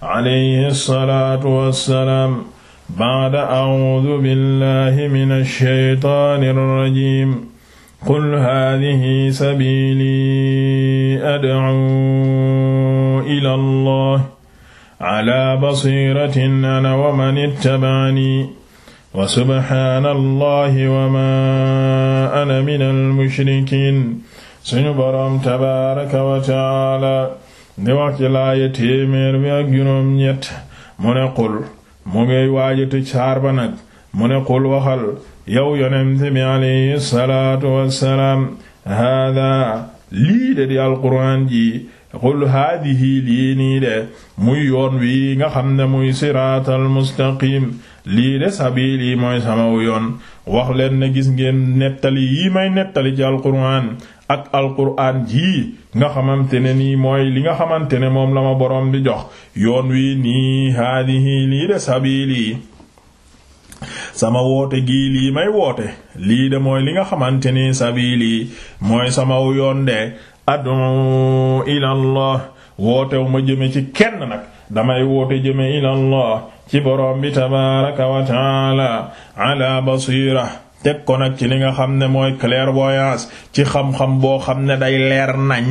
alayhi salaatu wassalaam ba'da a'uudu billahi mina shaytaani rajiim qul haadihi sabiilii ad'uu ila allah ala basiiratin ana wa man ittaba'anii wa subhaana allahi wa maa ana minal mushrikiin suñu boroom tabaaraka wa ta'aala di wax ci laaya téeméer bi ak juróom ñett mu ne qul mu ngay waaja tëj saar ba nag mu ne qul waxal yow yonent bi alayhi salaatu wassalaam haadaa lii de di alquraan ji qul haadihi lii nii de muy yoon wi nga xam ne muy siraatal mustaqiim lii de sabiili mooy samaw yoon wax leen ne gis ngeen nettali yii may nettali ci alquraan ak alquraan jii nga xamante ne nii mooy li nga xamante ne moom la ma boroom di jox yoon wi nii haadihi lii de sabiili sama woote gii lii may woote lii de mooy li nga xamante ni sabiili mooy sama yoon de adu ilallah wootew ma jëme ci kenn nag damay woote jëme ilallah ci boroom bi tabaaraka wa taala ala basira teg ci li nga xam ne mooy clairvoyance ci xam-xam boo xam ne day leer nañ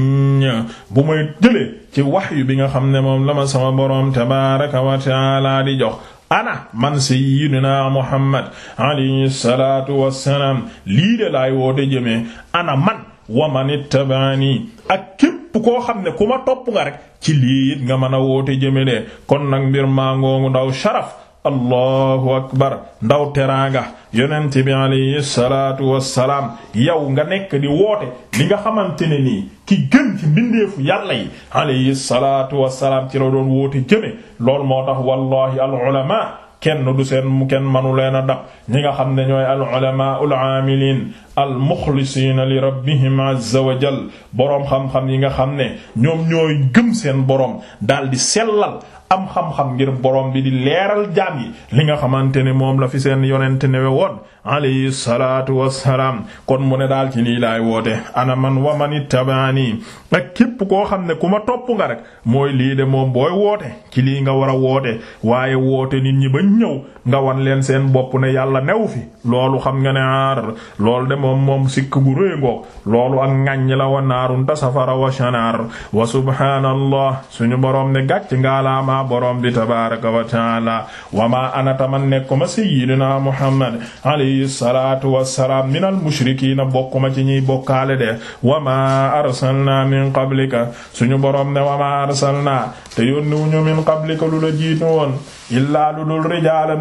bu may jëlee ci wahyu bi nga xam ne moom la ma sama boroom tabaaraka wa taala di jox ana man sayyidina Muhammad alayhi salaatu wassalaam lii de laay woote jëmee ana man wa man ittaba'ani ak koo xam ne ku ma topp nga rek ci lii nga mën a woote jëme ne kon nag mbir maa ngoongu ndaw sharaf allahu akbar ndaw teraanga yonent bi alayhi salaatu wassalaam yow nga nekk di woote li nga xamante ne nii ki gën ci mbindeefu yàlla yi alayhi salaatu wassalaam ci la doon woote jëme lool moo tax wallahi al ulama kenn du seen mu kenn manu leen a dab ñi nga xam ne ñooy al ulama al amilin almuxlisiina li rabbihim azza wa jal boroom xam-xam yi nga xam ne ñoom ñooy gëm seen boroom daldi sellal am xam-xam ngir boroom bi di leeral jaam yi li nga xamante ne moom la fi seen yonent ne woon alayhi salaatu wassalaam kon mu ne daal ci lii lay woote ana man wa man ittabaani ak képp koo xam ne ku ma topp nga rekk mooy lii de moom booy woote ci lii nga war a woote waaye woote nit ñi ba ñëw nga wan leen seen bopp ne yàlla new fi loolu xam nga ne aar loolu de moom moom sikk gu rëy ngoog loolu ak ŋàññ la wa naarun ta safara wa shanaar wa subhaanallah suñu borom ne gàcc ngaalaamaa borom bi tabaraka wa taala wa maa anataman nekkuma sayyidina muhammad alayhi salatu wassalaam minal mushrikiina bokkuma ci ñiy bokkaale de wa maa arsalna min qablika suñu borom ne wa maa arsalna te yónniwuñu min qablika lu jiitu woon illaa lu dul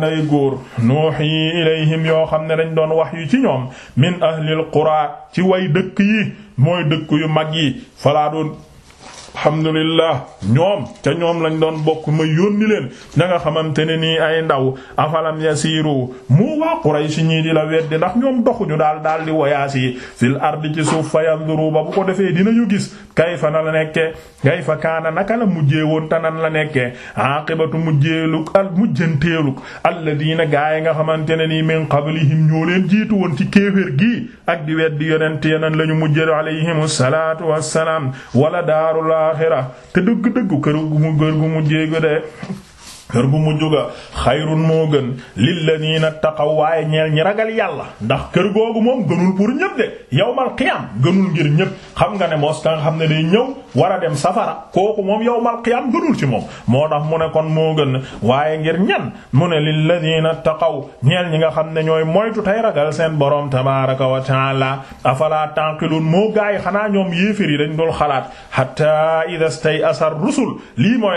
ay góor nuuhi ilayhim yoo xam ne dañ doon wax yu ci ñoom min ahlil qura ci way dëkk yi mooy dëkk yu mag yi falaa doon alhamdulillah ñoom ca ñoom lañ doon bokk ma yónni leen ña nga xamante ne nii ay ndaw afalam yasiru mu waa Quraysh ñii di la weddi ndax ñoom doxuñu daal daal di voyages yi fil ardi ci suuf fa yanzuru ba bu ko defee dinañu gis kayfa na la nekke kayfa kaana naka la mujjee woon tanan la nekke aqibatu mujjeeluk al mujjanteeluk alladina gaay nga xamante ne ni min qablihim ñoo leen jiitu woon ci kéeféer gi ak di weddi yonente yenan lañu mujjee alayhimu salaatu wassalaam wala daaru alaaxira te dëgg-dëgg gu mu gu mu jéego de kër gu mujj ga xayrun moo gën lilladiina taqaw waaye ñeel ñi ragal yàlla ndax kër googu moom gënul pour ñëpp de yawmal qiyaam gënul ngir ñëpp xam nga ne mos ka xam ne day ñëw war a dem safara kooku moom yawmal qiyaam gënul ci moom moo tax mu ne kon moo gën waaye ngir ñan mu ne lilladiina taqaw ñeel ñi nga xam ne ñooy moytu tey ragal seen borom tabaaraka wa taala afalaa taqilun moo gaa yi xanaa ñoom yéefér yi dañ doon xalaat hatta idastay asar rusul lii mooy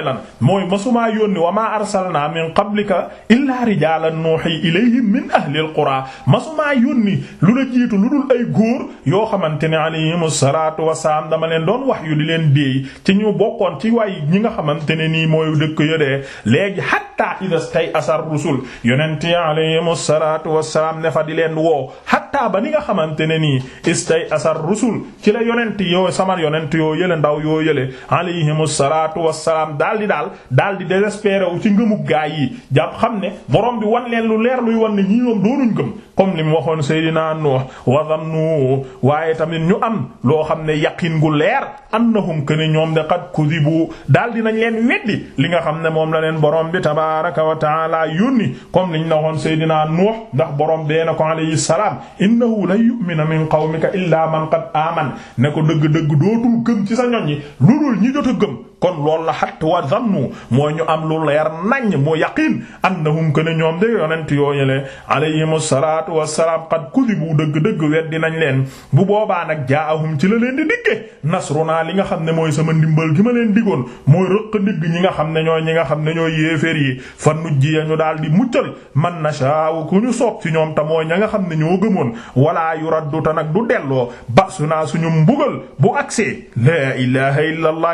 arsalnaa min qablika illaa rijaalan nuuhi ilayhim min ahlil quraa masumaa yónni lu la jiitu lu dul ay góor yoo xamante ne alayhimu salaatu wasalaam dama leen doon wax yu leen déey ci ñu bokkoon ci waay ñi nga xamante ne nii mooy dëkk yo dee léegi hatta idas tay asar rusul yonent yi alayhimu salaatu wasalaam ne fa di leen woo hatta ba ni nga xamante ne nii istay asar rusul ci la yonent yoo sama yonent yoo yële ndaw yoo yële alayhimu salaatu wasalaam daal di daal daal di désespéré wu ci ci ngëmug gaa yi jàpp xam ne borom bi wan leen lu leer luy wan ne ñii ñoom doonuñ gëm comme li mu waxoon Seydina Nuh wa zannu waaye tamit ñu am loo xam ne yaqin gu leer annahum kana ñoom de qad kudibu daal nañ leen weddi li nga xam ne moom la leen borom bi tabaaraka wa taala yónni comme liñ la waxoon Seydina Nuh ndax borom bee na ko alayhi salaam innahu lan yu'mina min qawmika illaa man qad aaman ne ko dëgg-dëgg dootul gëm ci sa ñoñ yi lu dul ñi jot kon loolu la xat wa zannu mooy ñu am lu leer nañ moo yaqiin annahum kana ñoom de yonent yooyule alayhimu salaatu wassalaam qad kudibu dëgg-dëgg weddi nañ leen bu boobaa nag jaahum ci la leen di dikke nasruna li nga xam ne mooy sama ndimbal gi ma leen digoon mooy rëq ndigg ñi nga xam ne ñoo ñi nga xam ne ñooy yéeféer yi fa nujji ya ñu daal di muccal man na nashaa'u ku ñu soob ci ñoom tamoo ña nga xam ne ñoo gëmoon wala yuraddu ta nag du delloo ba su naa suñu mbugal bu agsee laa ilaaha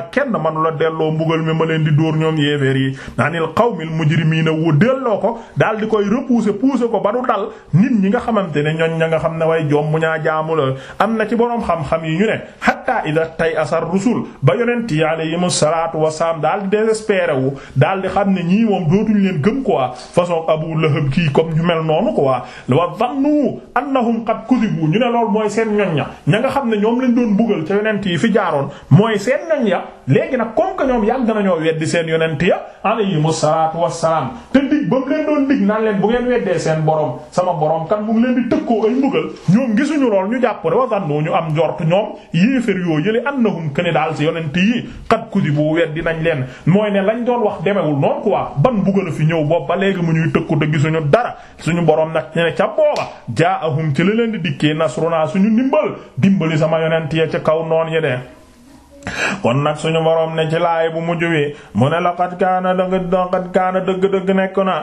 delloo mbugal mi ma leen di dóor ñoom yéeféer yi anil qawmil mujrimiina wu delloo ko daal di koy repousser pousser ko ba du dal nit ñi nga xamante ne ñoñ ña nga xam ne way joom mu ñaa jaamu am na ci boroom xam-xam yi ñu ne hatta ida tay asar rusul ba yonent yi alayhimu salaatu wasalaam daal di désespéré wu daal di xam ne ñii moom dootuñu leen gëm quoi façon Abu Lahab kii comme ñu mel noonu quoi wa dhannu annahum qad kudibu ñu ne loolu mooy seen ñoñ ña ña nga xam ne ñoom lañ doon bugal ca yonent yi fi jaaroon mooy seen ñoñ ya léegi nag comme que ñoom yàgg nañoo weddi seen yonent ya alayhimu salaatu wassalaam te dig ba mu leen doon dig naan leen bu ngeen weddee seen borom sama borom kan mu ngi leen di tëkkoo ay mbugal ñoom gisuñu lool ñu jàpp wa zannu ñu am njort ñoom yéefér yoo yële annahum kene daal si yonent yi kat kudi bu weddi nañ leen mooy ne lañ doon wax demewul noonu quoi ban mbugal a fi ñëw boobu ba léegi mu ñuy tëkku te gisuñu dara suñu boroom nag ne ca booba ci la leen di dikkee nasruna suñu ndimbal dimbali sama yonent ca kaw noon yi kon nag suñu boroom ne ci laay bu mujj wi mu ne la kaana dëgg laqad kaana dëgg-dëgg nekk na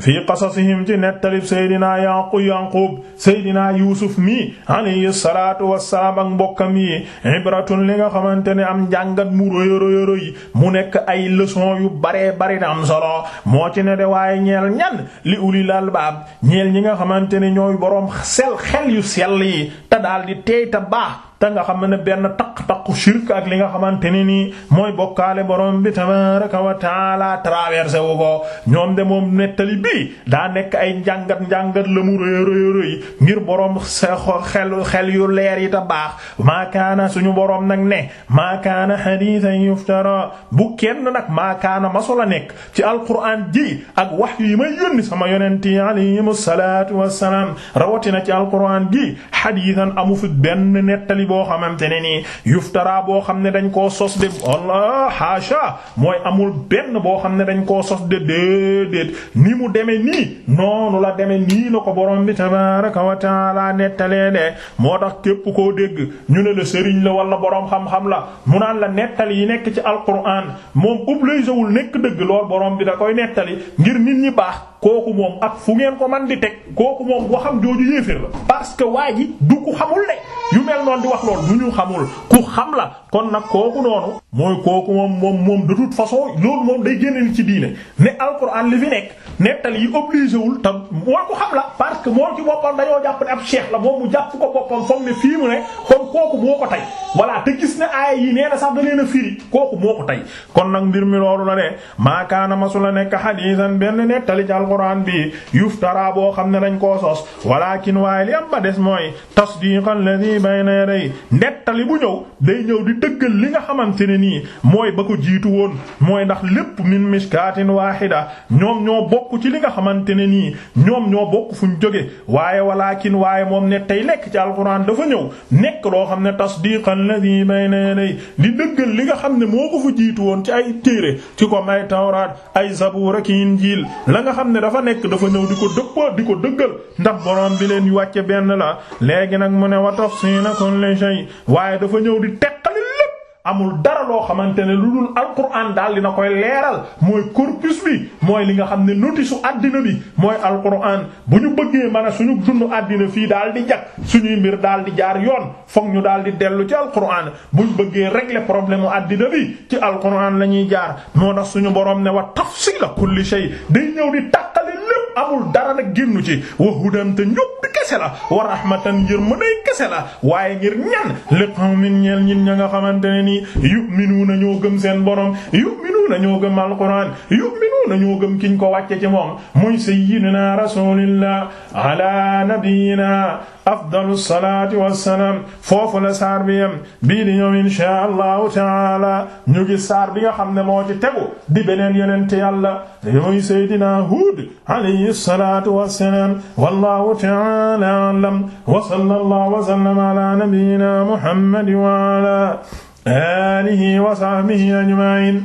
fii qasasihim ci nettalib seydinaa yaqub yaqub seydinaa yuusuf mi alayhi salaatu wassalaam saabak mbokkam yi ibratun li nga xamante ne am njàngat mu rëy rëy rëy mu nekk ay leçon yu baree bari da solo moo ci ne de waaye ñeel ñan li ulil albaab ñeel ñi nga xamante ne ñooy boroom sel xel yu sell yi te daal di te baax te nga xam ne benn taq-taqu shirk ak li nga xamante ne nii mooy bokkaale borom bi tabaraka wa taala traversé wu ko ñoom de moom nettali bii daa nekk ay njàngat njàngat la mu rëy rëy rëy ngir borom xel xel yu leer yi ta baax maakaana suñu boroom nag ne maakaana hadithan yuftara bu kenn nag maakaana masola nekk ci alquran ji ak wahyu yi may yónni sama yonent yi alayhimu rawatina ci alquran gi hadithan amu fi benn nettali boo xamante ne nii yuftara boo xam ne dañ koo sos de Allah haasha mooy amul benn boo xam ne dañ koo sos de déedéet ni mu deme nii noonu la deme nii la ko borom bi tabaraka wa taala nettalee de moo tax képp koo dégg ñu ne la sëriñ la wala boroom xam-xam la mu naan la nettali yi nekk ci alquran moom obligé wul nekk dëgg lool borom bi da koy nettali ngir nit ñi baax kooku moom ak fu ngeen ko man di teg kooku moom waxam jooju yéeféer la parce yu mel noonu di wax loolu du ñu xamul ku xam la kon nag kooku noonu mooy kooku moom moom moom de toute façon loolu moom day génneel ci diine ne alxuraan li fi nekk nettali yi obligé wul tam moo ko xam la parce que moom ci boppam dañoo jàpp ne ab cheikh la moom mu jàpp ko boppam foog ne fii mu ne kooku moo ko tey voilà te gis na aay yi nee na sax da leen a kooku moo ko tey kon nag mbir mi loolu la de maakaana masula nekk hadiisan benn nettali ci alquran bi yuftara boo xam ne nañ koo sos walakin waaye li am ba des mooy tasdiqal ladhi bayna yaday nettali bu ñëw day ñëw di dëggal li nga xamante ne nii mooy ba ko jiitu woon mooy ndax lépp min mishkatin wahida ñoom ñoo bokk ci li nga xamante ne nii ñoom ñoo bokk fuñ jóge waaye walakin waaye moom ne tey lekk ci alquran dafa loo xam ne tasdiqan ladhi bayna yaday di dëggal li nga xam ne moo ko fu jiitu woon ci ay téere ci ko ay tawraat ay zabuur ak injiil la nga xam ne dafa nekk dafa ñëw di ko dëppoo di ko dëggal ndax borom bi leen wàcce benn la léegi nag mu ne wa tafsiila kulli shay waaye dafa ñëw di teqali amul dara loo xamante ne lu dul alquran daal dina koy leeral mooy corpus bi mooy li nga xam ne notice u àddina bi mooy alquran bu ñu bëggee mën a suñu dundu àddina fii daal di jag suñuy mbir daal di jaar yoon foog ñu daal di dellu ci alquran bu ñu bëggee régler problème u àddina bi ci alquran la ñuy jaar moo tax suñu boroom ne wa tafsila kulli shay day ñëw di takkale amul dara nag génnu ci wa hudan te njub bi kese la wa rahmatan njër mën ay kese la waaye ngir ñan li qawmin ñeel ñin ña nga xamante ne nii yu'minuuna ñoo gëm seen borom yu'minuuna ñoo gëm alquran yu'minuuna nañoo gëm kiñ ko wàcce ci moom muy sayyidina rasulillah ala nabiyina afdalu salaati wassalaam foofu la saar bi yem bii di ñëw inshaa allahu taala ñu ngi saar bi nga xam ne moo ci tegu di beneen yonente yàlla muy sayyidina Huud alayhi salaatu wassalaam wallahu taala a'lam wa sallallahu wa sallama ala nabiyyina Muhammad wa ala alihi wa sahbihi ajma'in